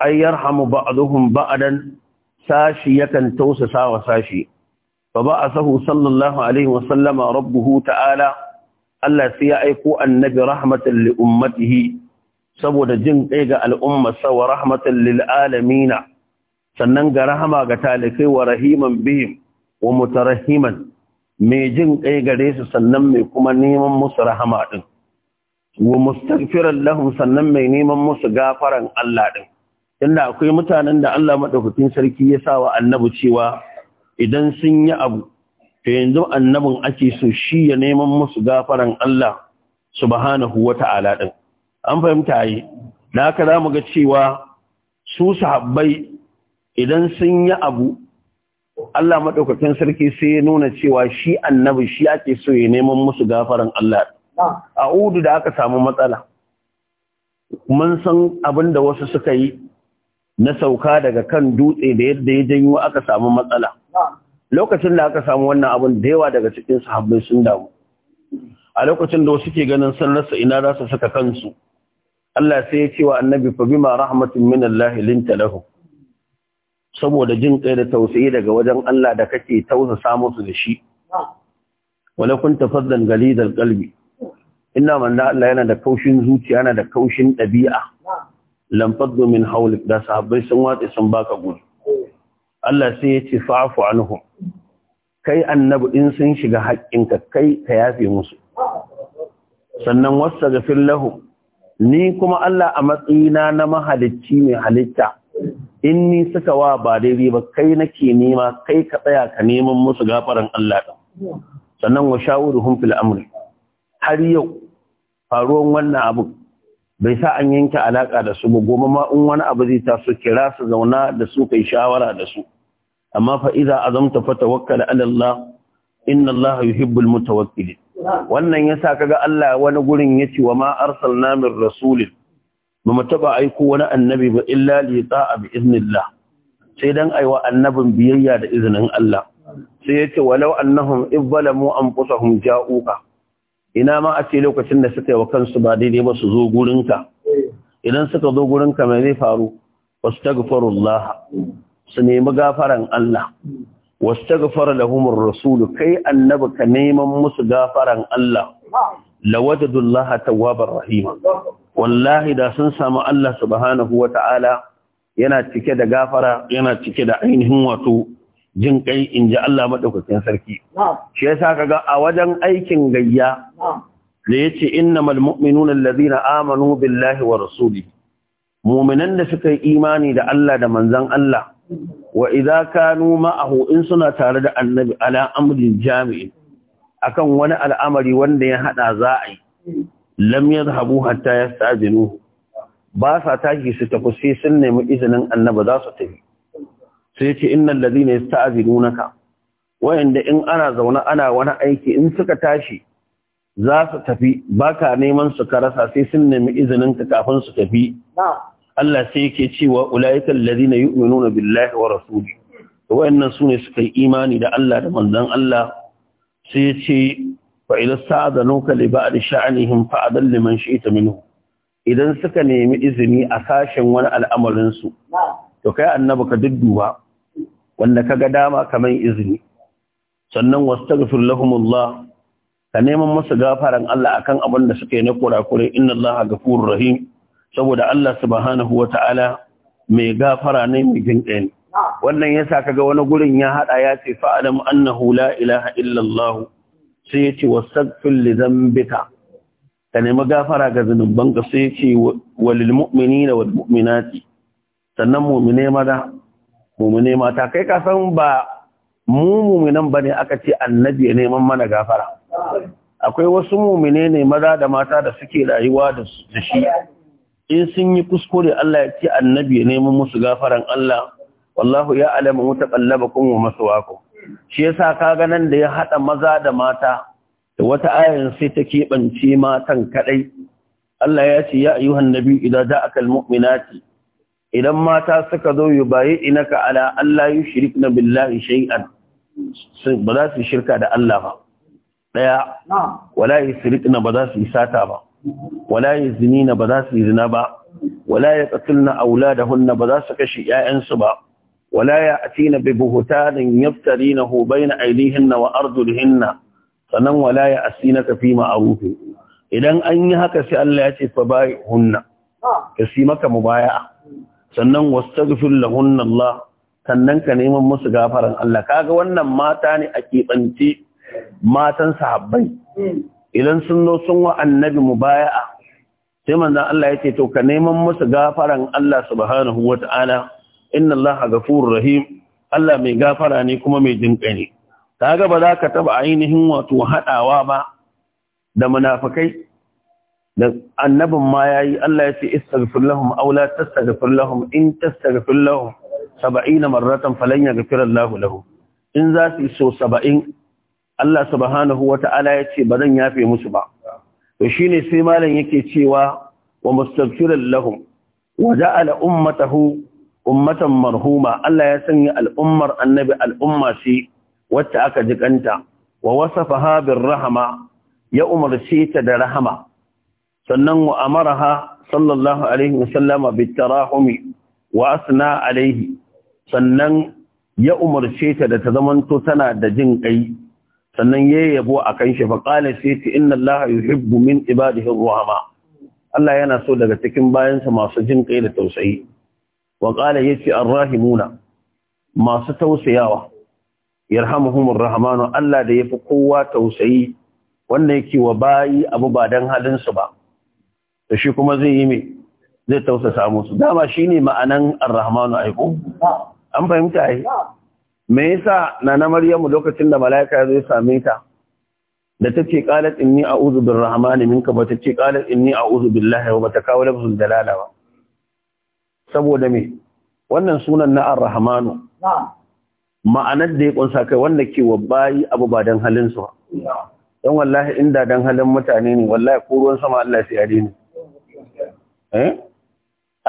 ai yarhamu ba'dhum ba'dan sashi yakan tausasa wa sashi fa ba'athahu sallallahu alaihi wa sallama rabbuhu ta'ala Allah sai ya aiko annabi rahmatan li ummatihi saboda jin kai ga al'umma sa wa rahmatan lil alamin sannan ga rahama ga talikai wa rahiman bihim wa mutarahiman mai jin ƙai gare su sannan mai kuma neman musu rahama ɗin wa mustaghfiran lahum sannan mai neman musu gafaran Allah ɗin inda akwai mutanen da Allah madaukakin sarki ya sa wa Annabu cewa idan sun yi abu to yanzu annabin ake so shi ya neman musu gafaran Allah subhanahu wata'ala ɗin an fahimta yi da haka zamu ga cewa su sahabbai idan sun yi abu Allah maɗaukakin sarki sai ya nuna cewa shi annabi shi ake so ya neman musu gafaran Allah a udu da aka samu matsala mun san abin da wasu suka yi na sauka daga kan dutse da yadda ya janyo aka samu matsala lokacin da aka samu wannan abin da yawa daga cikin sahabbai sun damu a lokacin da wasu ke ganin sun rasa ina za su saka kansu Allah sai ya ce wa annabi fa bima rahmatin min Allah lahu saboda jin kai da tausayi daga wajen Allah da kake tausasa musu da shi wala kun tafaddan galidal qalbi inna man da Allah yana da kaushin zuciya yana da kaushin dabi'a lam faddu min hawlik da sahabbai sun watsa sun baka gudu Allah sai ya ce fa'fu anhum kai annabi in sun shiga haƙƙinka kai ka yafe musu sannan wasa gafin lahu ni kuma Allah a matsayina na mahalicci mai halitta in ni suka wa ba daidai ba kai nake nema kai ka tsaya ka neman musu gafaran Allah ɗin sannan wa shawuruhum fil amri har yau faruwan wannan abu bai sa an yanke alaka da su ba goma ma in wani abu zai taso kira su zauna da su kai shawara da su amma fa iza azamta fatawakkal ala Allah inna Allah yuhibbul mutawakkilin wannan yasa kaga Allah wani gurin yace wa ma arsalna min rasulin ba mu taba aiko wani annabi ba illa li ta'a bi iznillah sai dan aiwa annabin biyayya da izinin Allah sai yace walau annahum izzalamu anfusahum ja'uka ina ma a ce lokacin da suka yi wa kansu ba daidai ba su zo gurinka idan suka zo gurinka mai zai faru wastaghfirullah su nemi gafaran Allah wastaghfara lahumur rasul kai annabi ka neman musu gafaran Allah lawajadullah tawwabar rahim wallahi da sun samu Allah subhanahu wa ta'ala yana cike da gafara yana cike da ainihin wato jin kai in ji Allah maɗaukakin sarki. Shi ya sa kaga a wajen aikin gayya da ya ce inna malmu'minun allazina amanu billahi wa rasuli. Muminan da suka yi imani da Allah da manzan Allah wa idza kanu ma'ahu in suna tare da annabi ala amrin jami'in akan wani al'amari wanda ya hada za a yi lam yadhhabu hatta yasta'dinu ba sa tashi su tafi sai sun nemi izinin annaba za su tafi sai ce innal ladina yasta'dinunaka wayanda in ana zaune ana wani aiki in suka tashi za su tafi baka neman su ka rasa sai sun nemi izinin ka kafin su tafi Allah sai yake cewa ulaika alladhina yu'minuna billahi wa rasuli wayannan sune suka yi imani da Allah da manzon Allah sai ya ce فإذا استأذنوك لبعض شأنهم فأذن لمن شئت منه idan suka nemi izini a sashen wani al'amarinsu, to kai annabi ka dudduba wanda ka ga dama kamar izini, sannan wasu tagfir lahumullah ka neman masu gafaran Allah akan abin da suka yi na kurakurai inna Allah gafurur rahim saboda Allah subhanahu wa ta'ala mai gafara ne mai jin ne. Wannan ya sa kaga wani gurin ya haɗa ya ce fa'adam annahu la ilaha illallahu sai ya ce wasaghfir li dhanbika ka nemi gafara ga ka. sai ya ce walil mu'minina wal sannan mu'mine mada mu'mine mata kai ka san ba mu mu'minan ne aka ce annabi ya neman mana gafara akwai wasu mu'mine ne maza da mata da suke rayuwa da shi in sun yi kuskure Allah ya ce annabi ya neman musu gafaran Allah wallahu ya alama mutaqallabakum wa maswaakum shi yasa kaga nan da ya haɗa maza da mata da wata ayan sai ta keɓance matan kaɗai Allah ya ce ya ayyuhan nabi idan ja'aka almu'minati idan mata suka zo yubayi'inaka ala Allah yushrikna billahi shay'an ba za su shirka da Allah ba daya wala yusrikna ba za su sata ba wala yuzinina ba za su zina ba wala yaqtulna auladahunna ba za su kashe 'ya'yansu ba ولا يأتين ببهتان يفترينه بين أيديهن وأرجلهن فنن ولا يأسينك في معروف idan an yi haka sai Allah ya ce fa bai hunna ka si maka mubaya'a sannan wastaghfir lahunna Allah sannan ka neman musu gafaran Allah kaga wannan mata ne a kibance matan sahabbai idan sun zo sun wa annabi mubaya'a sai manzon Allah ya ce to ka neman musu gafaran Allah subhanahu wata'ala inna allaha ghafurur rahim Allah mai gafara ne kuma mai jinƙani kaga ba za ka taba ainihin wato hadawa ba da munafikai da annabin ma yayi Allah ya ce istaghfir lahum aw la tastaghfir lahum in tastaghfir lahum 70 marratan falan yaghfir Allah lahum in za su so 70 Allah subhanahu wata'ala ya ce ba zan yafe musu ba to shine sai malam yake cewa wa mustaghfiran lahum wa ja'ala ummatahu ummatan marhuma Allah ya sanya al'ummar annabi al'umma ce wacce aka jikanta wa wasafaha bir rahama ya umarce ta da rahama sannan wa amaraha sallallahu alaihi wasallama bit tarahumi wa asna alaihi sannan ya umarce ta da ta zamanto tana da jin kai sannan ya yabo a kan shi fa qala sai ta inna Allah yuhibbu min ibadihi rahama Allah yana so daga cikin bayansa masu jin kai da tausayi wa qala yace arrahimuna masu tausayawa yarhamuhumur rahmanu Allah da yafi kowa tausayi wanda yake wa bayi abu ba dan halin su ba da shi kuma zai yi me zai tausasa musu dama shine ma'anan arrahmanu aiko an fahimta ai me yasa nana maryamu lokacin da malaika zai same ta da tace qalat inni a'udhu birrahmani minka ba tace qalat inni a'udhu billahi wa ta kawo lafzul dalala ba saboda me wannan sunan na ar-rahmanu ma'anar da ya kunsa kai wanda ke wa bayi abu ba dan halin su dan wallahi inda dan halin mutane ne wallahi ko ruwan sama Allah sai yare ne eh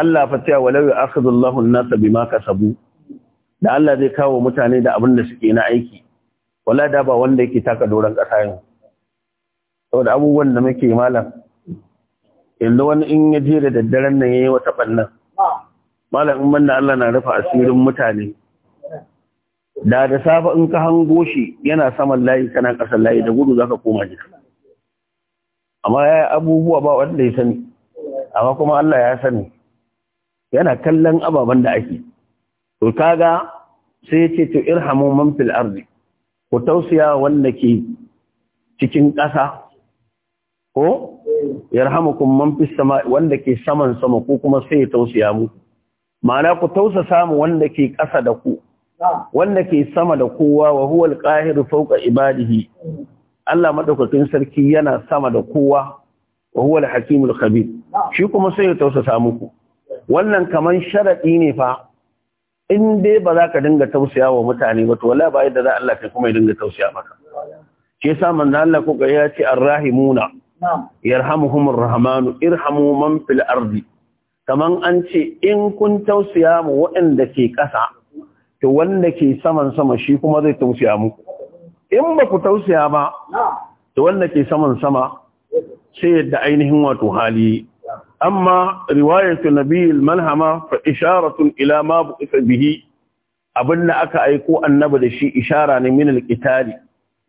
Allah fa ta walau ya'khudhu Allahu an-nasa bima kasabu da Allah zai kawo mutane da abin da suke na aiki wala da ba wanda yake taka doran ƙasa yin saboda abubuwan da muke malam yanzu wani in ya je da daddaren nan ya yi wata bannan malamin manna Allah na rufe asirin mutane da da safa in ka hango shi yana saman layi kana ƙasar layi da gudu zaka koma gida amma ya abubuwa ba wanda ya sani amma kuma Allah ya sani yana kallon ababen da ake to kaga sai ya ce to irhamu man fil ardi ku tausiya wanda ke cikin ƙasa ko yarhamukum man fis sama wanda ke saman sama ko kuma sai ya tausiya muku ma'ana ku tausa samu wanda ke ƙasa da ku wanda ke sama da kowa wa huwal qahiru fawqa ibadihi Allah madaukakin sarki yana sama da kowa wa huwal hakimul khabir shi kuma sai ya tausasa muku wannan kaman sharadi ne fa in dai ba za ka dinga tausaya wa mutane ba to wallahi ba yadda za Allah kai kuma ya dinga tausaya maka Ke yasa manzo Allah ko ya ce arrahimuna yarhamuhumur rahmanu irhamu man fil ardi kaman an ce in kun tausaya mu waɗanda ke ƙasa to wanda ke saman sama shi kuma zai tausaya muku in ba ku tausaya ba to wanda ke saman sama sai yadda ainihin wato hali amma riwayatu nabiyil malhama fa isharatun ila ma bu'itha bihi abinda aka aiko annabi da shi ishara ne min alƙitari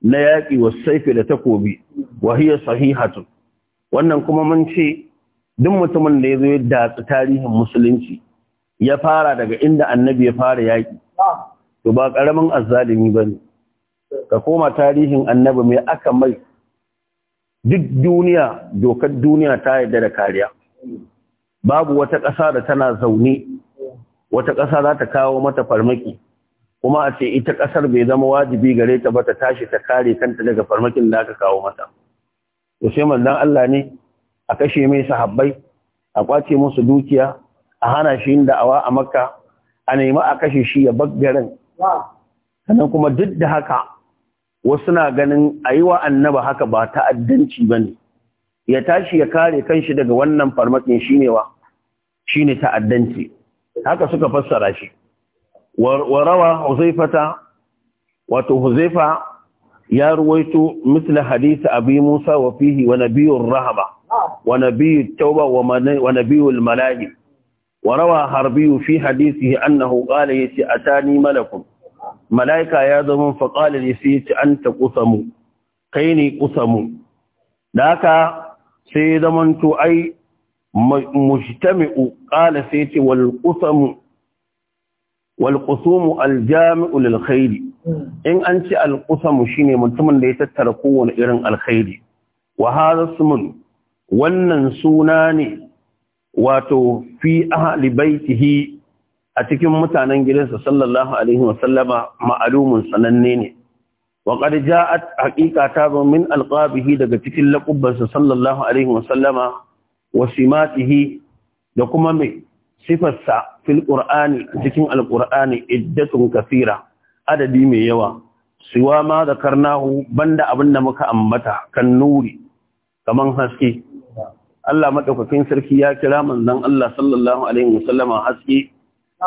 na yaƙi wasu sayfi da takobi wa hiya sahihatun wannan kuma mun ce duk mutumin da ya zo ya tarihin musulunci ya fara daga inda annabi ya fara yaki, to ba ƙaramin azzalimi ba ne ka koma tarihin annabi mai aka mai duk duniya dokar duniya ta yarda da kariya babu wata ƙasa da tana zaune wata ƙasa za ta kawo mata farmaki kuma a ce ita ƙasar bai zama wajibi gare ta ba ta tashi ta kare kanta daga farmakin da aka kawo mata to sai manzon Allah ne a kashe mai sahabbai a kwace musu dukiya a hana shi yin da'awa a makka a nemi a kashe shi ya baggarin sannan kuma duk da haka wasu na ganin a yi wa annaba haka ba ta'addanci ba ne ya tashi ya kare kanshi daga wannan farmakin shi ne wa shi ne ta'addanci haka suka fassara shi warawa huzaifata wato huzaifa ya ruwaito misla hadisi abi musa wa fihi wa nabiyur rahaba. ونبي التوبة ونبي الملاهي وروى حربي في حديثه أنه قال يسي أتاني ملك ملائكة يا ذمون فقال يسي أنت قسم كيني قسم ذاك سيدمنت أي مجتمع قال سيتي والقسم والقسوم الجامع للخير in an ce alƙusamu shi ne mutumin da ya tattara kowane irin alkhairi wa haza sumun wannan suna ne wato fi ahli baitihi a cikin mutanen gidansa sallallahu alaihi wasallama ma'alumun sananne ne wa qad ja'at haqiqata min alqabihi daga cikin laqubansa sallallahu alaihi wasallama wa simatihi da kuma me sifarsa fil qur'ani cikin alqur'ani iddatun kathira adadi mai yawa siwa ma zakarnahu banda abinda muka ambata kan nuri kaman haske Allah madaukakin sarki ya kira manzon Allah sallallahu alaihi wasallama haske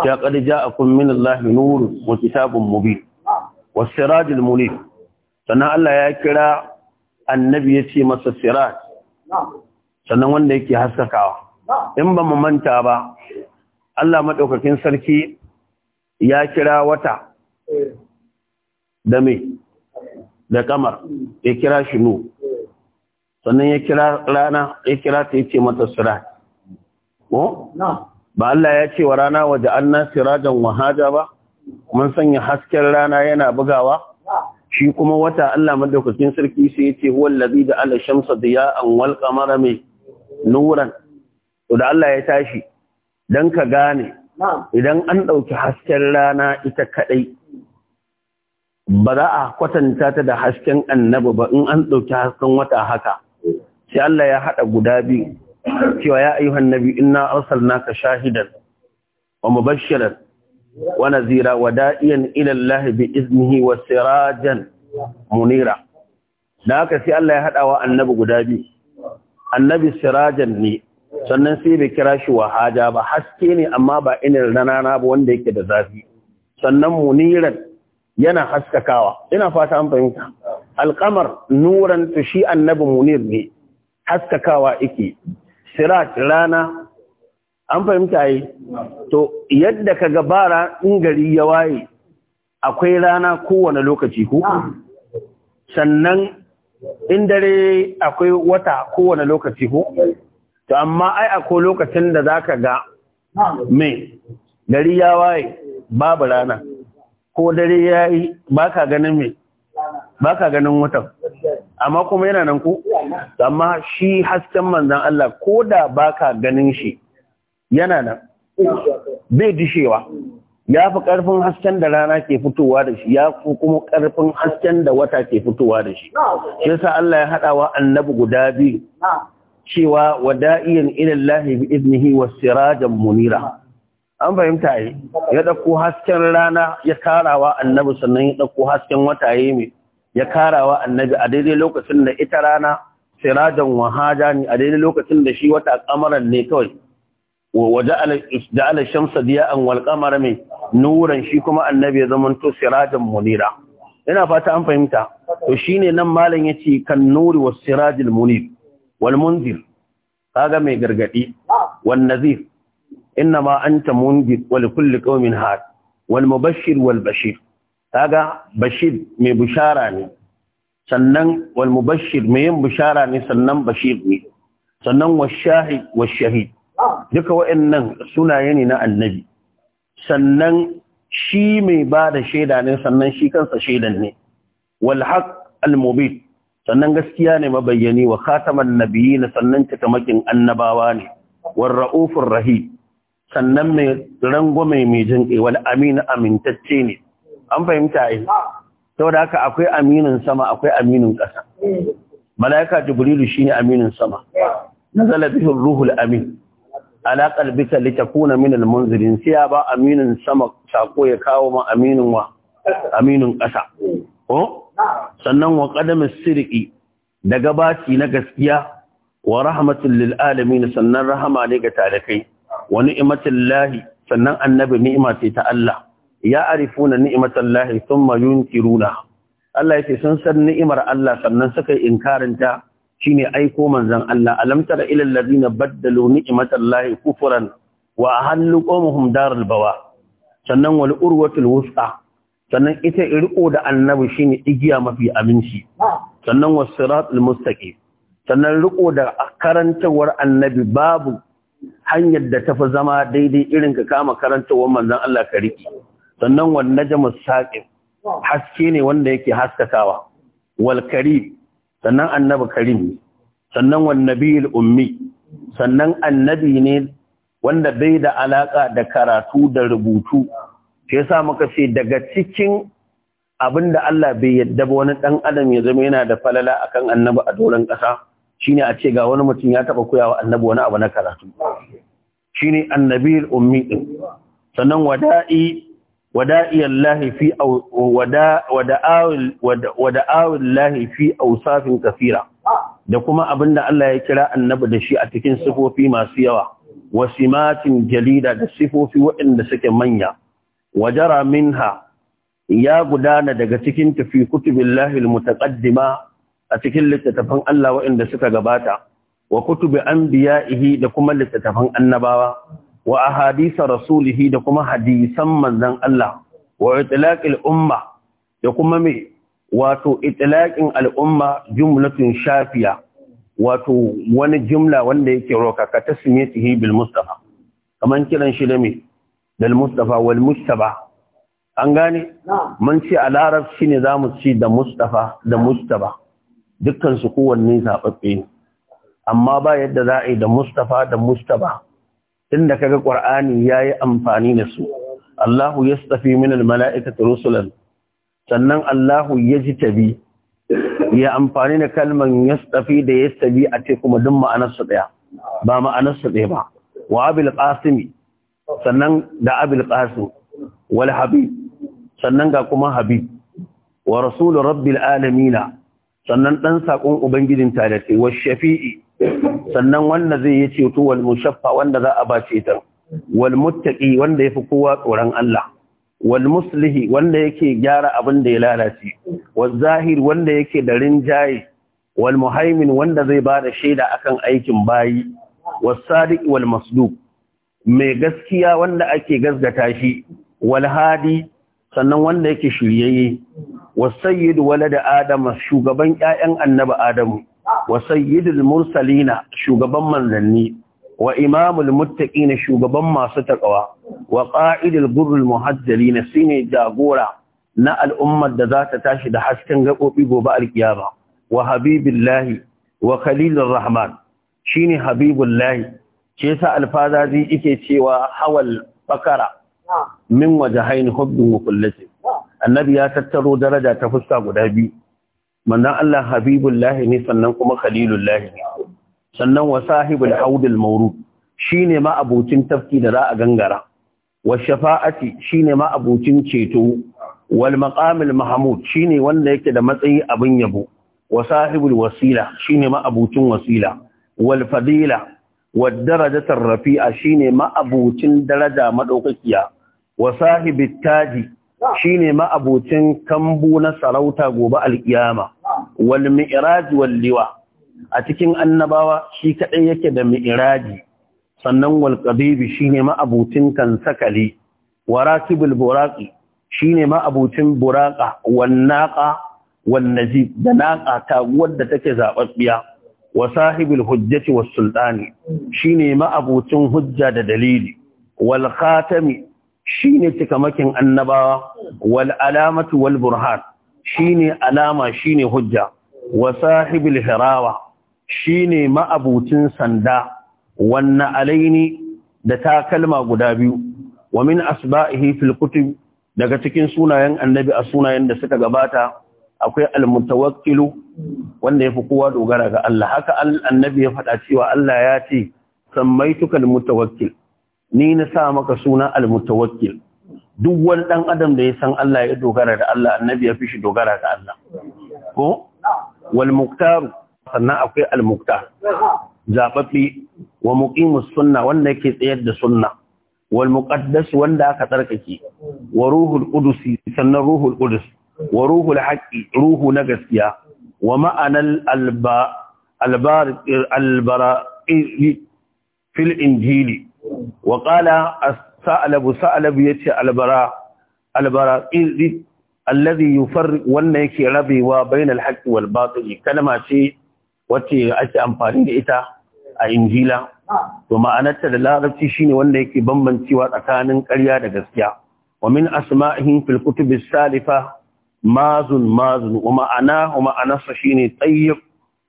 ya qad ja'akum min Allah nurun wa kitabun mubin was sirajul munir sannan Allah ya kira annabi yace masa siraj sannan wanda yake haskakawa in ba mu manta ba Allah madaukakin sarki ya kira wata da me da kamar ya kira shi nu sannan ya kira rana ya kira ta yace mata sura ba Allah ya ce wa rana waje anna sirajan wahaja ba mun sanya hasken rana yana bugawa shi kuma wata Allah madaukakin sarki sai yace huwal ladhi da ala shamsa an wal qamara mai nuran to da Allah ya tashi dan ka gane idan an ɗauki hasken rana ita kaɗai, ba za a kwatanta ta da hasken annabi ba in an ɗauki hasken wata haka sai Allah ya haɗa guda biyu cewa ya ayyuhan nabi inna arsalnaka shahidan wa mubashiran wa nazira wa da'iyan ila Allah bi iznihi wa sirajan munira da haka sai Allah ya haɗa wa annabi guda biyu annabi sirajan ne sannan sai bai kira shi wahaja ba haske ne amma ba inin rana na ba wanda yake da zafi sannan muniran yana haskakawa ina fata an fahimta alqamar nuran to shi annabi munir ne haskakawa ike sirat rana an fahimta yi to yadda ka gabara in gari ya waye akwai rana kowane lokaci ko sannan in dare akwai wata kowane lokaci ko to amma ai akwai lokacin da zaka ga me gari ya waye babu rana ko dare ya yi ba ka ganin me ba ka ganin watan amma kuma yana nan ku amma shi hasken manzan Allah ko da baka ganin shi yana nan bai dishewa ya fi ƙarfin hasken da rana ke fitowa da shi ya fi kuma ƙarfin hasken da wata ke fitowa da shi shi sa Allah ya haɗawa annabi guda biyu cewa wada'iyan ilallahi bi iznihi was sirajan munira an fahimta yi ya ɗauko hasken rana ya karawa annabi sannan ya ɗauko hasken wata yi mai ya karawa annabi a daidai lokacin da ita rana sirajan wahaja ne a daidai lokacin da shi wata kamaran ne kawai waja'ala shamsa diya'an wal qamara mai nuran shi kuma annabi ya zamanto sirajan munira ina fata an fahimta to shine nan malam yace kan nuri was sirajil munir wal munzir kaga mai gargadi wal nazir inma anta munzir wa likulli qaumin had wal mubashshir wal bashir kaga bashir mai bushara ne sannan wal mubashir mai yin bushara ne sannan bashir ne sannan washahid washahid duka waɗannan sunaye ne na annabi sannan shi mai ba da shaida ne sannan shi kansa shaidan ne wal haq al mubin sannan gaskiya ne mabayyani wa khataman nabiyina sannan takamakin annabawa ne wal raufur rahim sannan mai rangwame mai jinƙe wal amin amintacce ne an fahimta ai saboda haka akwai aminin sama akwai aminin ƙasa eh. malaika jibrilu shine aminin sama eh. nazala bihi ruhul amin alaƙar bisa litakuna min munzirin sai ba aminin sama sako ya kawo ma aminin wa aminin ƙasa eh. oh? sannan wa qadamis sirqi da gabaci na gaskiya wa rahmatul lil sannan rahama ne ga kai" wa ni'matul lahi sannan annabi ni'ima ce ta Allah ya arifuna ni'matallahi thumma yunkiruna Allah yake sun san ni'imar Allah sannan suka yi inkarin ta shine aiko manzon Allah alam tara ila alladhina baddalu ni'matallahi kufran wa ahallu qawmuhum daral bawa sannan wal urwatul wusqa sannan ita riko da annabi shine igiya mafi aminci sannan was siratul mustaqim sannan riko da karantawar annabi babu hanyar da tafi zama daidai irin ka kama karantawar manzon Allah ka riki sannan wan najmu saqib haske ne wanda yake haskakawa wal karim sannan annabi karim sannan wan nabiyul ummi sannan annabi ne wanda bai da alaka da karatu da rubutu sai yasa muka ce daga cikin abinda Allah bai yadda ba wani dan adam ya zama yana da falala akan annabi a doron kasa shine a ce ga wani mutum ya taba koyawa annabi wani abu na karatu shine annabiyul ummi din sannan wada'i wada'i lahi fi wada'i fi awsafin kafira da kuma abinda Allah ya kira annabi da shi a cikin sifofi masu yawa wasimatin jalida da sifofi waɗanda suke manya wajara minha ya gudana daga cikin tafi kutubillahi almutaqaddima a cikin littattafan Allah waɗanda suka gabata wa kutubi anbiya'ihi da kuma littattafan annabawa wa ahadisa rasulihi da kuma hadisan manzon Allah wa itlaqil umma da kuma me wato itlaqin al'umma jumlatun shafiya wato wani jumla wanda yake roka ka tasmiyatihi bil mustafa kaman kiran shi da me dal mustafa wal mustaba an gane mun ce a larab ne za mu ci da mustafa da mustaba dukkan su kowanne zaɓaɓɓe amma ba yadda za a yi da mustafa da mustaba inda kaga qur'ani yayi amfani da su Allahu yastafi min almala'ikati rusulan sannan Allahu tabi. ya amfani da kalman yastafi da yastabi a ce kuma duk ma'anar su daya ba ma'anar su daya ba wa abil qasim sannan da abil qasim wal habib sannan ga kuma habib wa rasulur rabbil alamin sannan dan sakon ubangijin tare wa shafi'i sannan wanda zai yi ceto wal mushaffa wanda za a ba ceton wal muttaqi wanda yafi kowa tsoron Allah wal muslihi wanda yake gyara abin da ya lalace wal zahir wanda yake da rinjaye wal muhaimin wanda zai ba da shaida akan aikin bayi was sadiq wal masduq mai gaskiya wanda ake gazgata shi wal hadi sannan wanda yake shiryayye was sayyid walad adam shugaban ƴaƴan annabi adamu wa sayyidul mursalina shugaban manzanni wa imamul muttaqina shugaban masu takawa wa qa'idul burrul muhajjalina Sine jagora na al'ummar da za ta tashi da hasken gabobi gobe alkiyama wa habibillahi wa khalilur rahman shine habibullahi ke yasa alfazazi yake cewa hawal bakara min wajahain hubbin wa kullatin annabi ya tattaro daraja ta fuska guda biyu manzon Allah habibullahi ne sannan kuma khalilullahi ne sannan wa sahibul haudul mawru shine ma tafki da za a gangara wa shafa'ati shine ma abocin ceto wal maqamul mahmud shine wanda yake da matsayi abin yabo wa sahibul wasila shine ma abocin wasila wal fadila wad darajatar rafi'a shine ma daraja madaukakiya wa sahibit taji shine ma'abocin kambu na sarauta gobe al'iyama. wal mi'raj wal liwa a cikin annabawa shi kaɗai yake da mi'raji sannan wal ne shine ma'abocin kan sakali buraƙi shi shine ma'abocin buraƙa. wan naƙa, wan naji da naƙa ta wadda take zababbiya wa sahibul hujjati was sultani shine ma'abocin hujja da dalili wal khatami Shi shine cikamakin annabawa wal alamatu wal burhan ne alama ne hujja wa sahibul hirawa ne ma'abucin sanda Wanne alaini da takalma guda biyu wa min asba'ihi fil kutub daga cikin sunayen annabi a sunayen da suka gabata akwai almutawakkilu wanda yafi kowa dogara ga Allah haka annabi ya faɗa cewa Allah ya ce sammaituka almutawakkil ni na sa maka suna almutawakkil duk wani dan adam da ya san Allah ya dogara da Allah annabi ya fi shi dogara da Allah ko wal muktar sannan akwai al muktar wa muqimus sunna wanda yake tsayar da sunna wal muqaddas wanda aka tsarkake wa ruhul qudusi sannan ruhul qudus wa ruhul haqqi ruhu na gaskiya wa ma'anal alba albar albara fil injili wa qala as-sa'labu sa'labu yace albara albara qili alladhi wanda yake rabewa bainal haqqi wal batil Kalama ce wacce ake amfani da ita a injila to ma'anarta da larabci shine wanda yake bambancewa tsakanin ƙarya da gaskiya wa min asma'ihim fil kutubi salifa mazun mazun wa ma'ana wa shine tayyib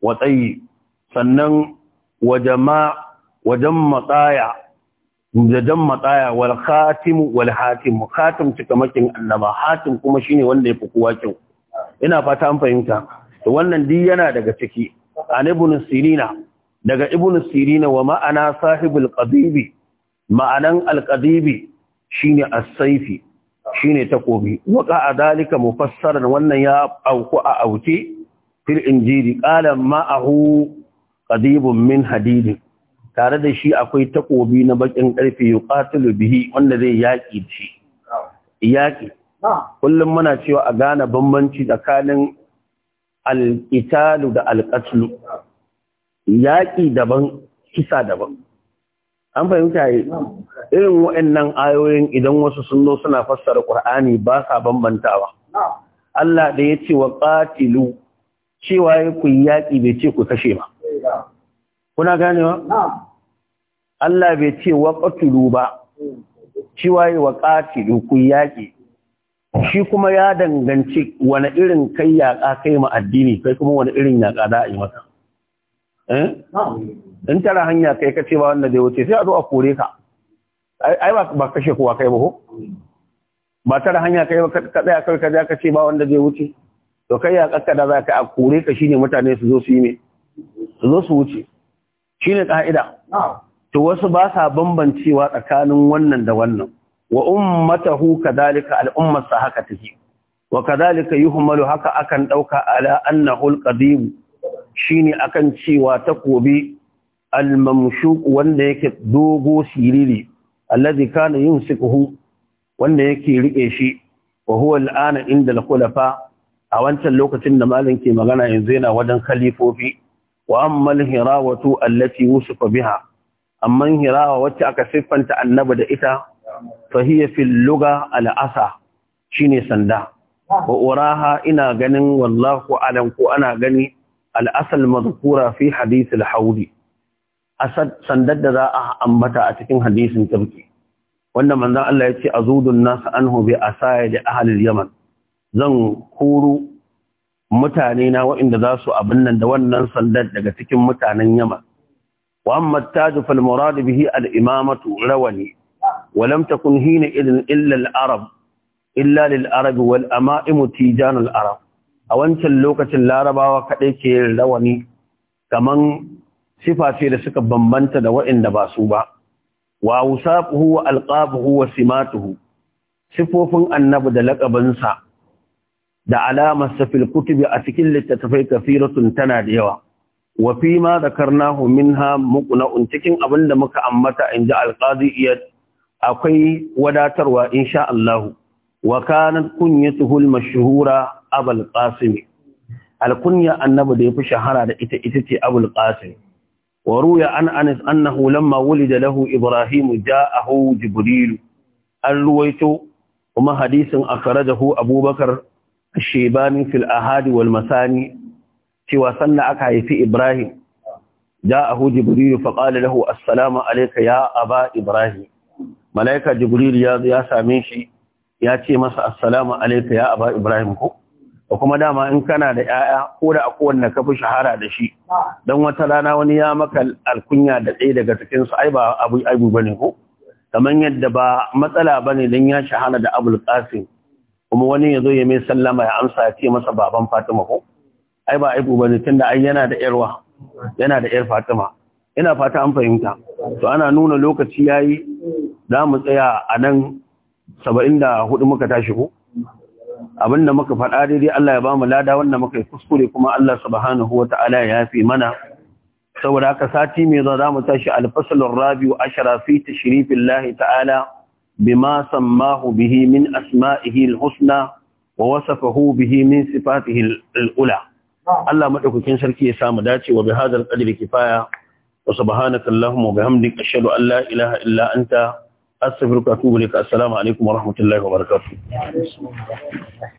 wa tayyib sannan wa jama' wa da jan matsaya wal khatim wal hatim khatim cikamakin annaba hatim kuma shine wanda ya fi kowa kyau ina fata an fahimta to wannan di yana daga ciki an ibn sirina daga ibn sirina wa ma'ana sahibul qadibi ma'anan al qadibi shine as-saifi shine takobi waqa adalika mufassaran wannan ya auku a auki fil injili qala ma'ahu qadibun min hadidin tare da shi akwai takobi na bakin karfe yuqatilu bihi wanda zai yaki shi yaki kullum muna cewa a gane bambanci tsakanin alƙitalu da alƙatlu yaƙi daban kisa daban an fahimta yi irin waɗannan ayoyin idan wasu sun zo suna fassara ƙwar'ani ba sa bambantawa Allah da ya ce wa ƙatilu cewa ku yi yaƙi bai ce ku kashe ba kuna wa? Allah bai ce wa qatulu ba cewa wa qatilu ku yaki shi kuma ya danganci wani irin kai yaƙa kai mu addini kai kuma wani irin yaƙa da a yi maka eh? in tara hanya kai ka ce ba wanda zai wuce sai a zo a kore ka ai ba kashe kowa kai ba ko ba tara hanya kai ka tsaya kai ka ja ka ce ba wanda zai wuce to kai ya kakkada za ka a kore ka shine mutane su zo su yi ne su zo su wuce shine ƙa'ida to wasu ba sa bambancewa tsakanin wannan da wannan wa ummatahu kadhalika al'ummar sa haka ke. wa yi yuhmalu haka akan ɗauka ala annahu alqadim shine akan cewa takobi almamshuq wanda yake dogo siriri alladhi kana sikuhu wanda yake riƙe shi wa huwa al'ana inda al a wancan lokacin da malam ke magana yanzu yana wajen khalifofi wa ammal hirawatu allati wusifa biha amman hirawa wacce aka siffanta annaba da ita fa hiya al asa shine sanda wa ina ganin wallahu alam ana gani al asal madhkura fi hadith al haudi asad sandar da za a ambata a cikin hadisin tabki wanda manzon Allah ya ce azudun an anhu bi asaya da ahli yaman zan kuru mutane na waɗanda za su abin nan da wannan sandan daga cikin mutanen yama wa amma taju murad bihi al imamatu rawani wa lam takun hina idin illa al arab illa lil arab wal ama'im tijan al arab a wancan lokacin larabawa kadai ke rawani kaman sifa ce da suka bambanta da waɗanda ba su ba wa wusafuhu wa alqabuhu wa simatuhu sifofin annabi da lakabinsa. da alamar safil kutubi a cikin littattafai kafiratun tana da yawa wa fi ma zakarnahu minha muqna'un cikin abin da muka ammata inji alqazi iyad akwai wadatarwa insha Allah wa kanat kunyatuhu al-mashhura abul qasim alkunya annabi da yafi shahara da ita ita ce abul qasim wa ruya an anas annahu lamma wulida lahu ibrahim ja'ahu jibril an ruwaito kuma hadisin dahu, abubakar shebani fil ahadi wal masani cewa sannan aka haifi Ibrahim ahu Jibril fa qala lahu assalamu alayka ya aba Ibrahim malaika Jibril ya ya same shi ya ce masa assalamu alayka ya aba Ibrahim ko kuma dama in kana da 'ya'ya ko da akwai ka fi shahara da shi dan wata rana wani ya maka alkunya da ɗaya daga cikin su ai ba abu abu bane ko kamar yadda ba matsala bane dan ya shahara da Abul Qasim kuma wani ya zo ya mai sallama ya amsa ya ce masa baban fatima ko ai ba aibu bane tunda ai yana da yarwa yana da yar fatima ina fata an fahimta to ana nuna lokaci yayi za mu tsaya a nan saba'in da hudu muka tashi ko abinda muka faɗa daidai Allah ya ba mu lada wannan muka yi kuskure kuma Allah subhanahu wa ta'ala ya yafi mana saboda haka sati mai za mu tashi alfasalin rabi'u ashara fi tashrifin ta'ala بما سماه به من أسمائه الحسنى ووصفه به من صفاته الأولى الله مدعوكين سركي يسام داتي وبهذا القدر كفاية وسبحانك اللهم وبحمدك أشهد أن لا إله إلا أنت أستغفرك وأتوب إليك السلام عليكم ورحمة الله وبركاته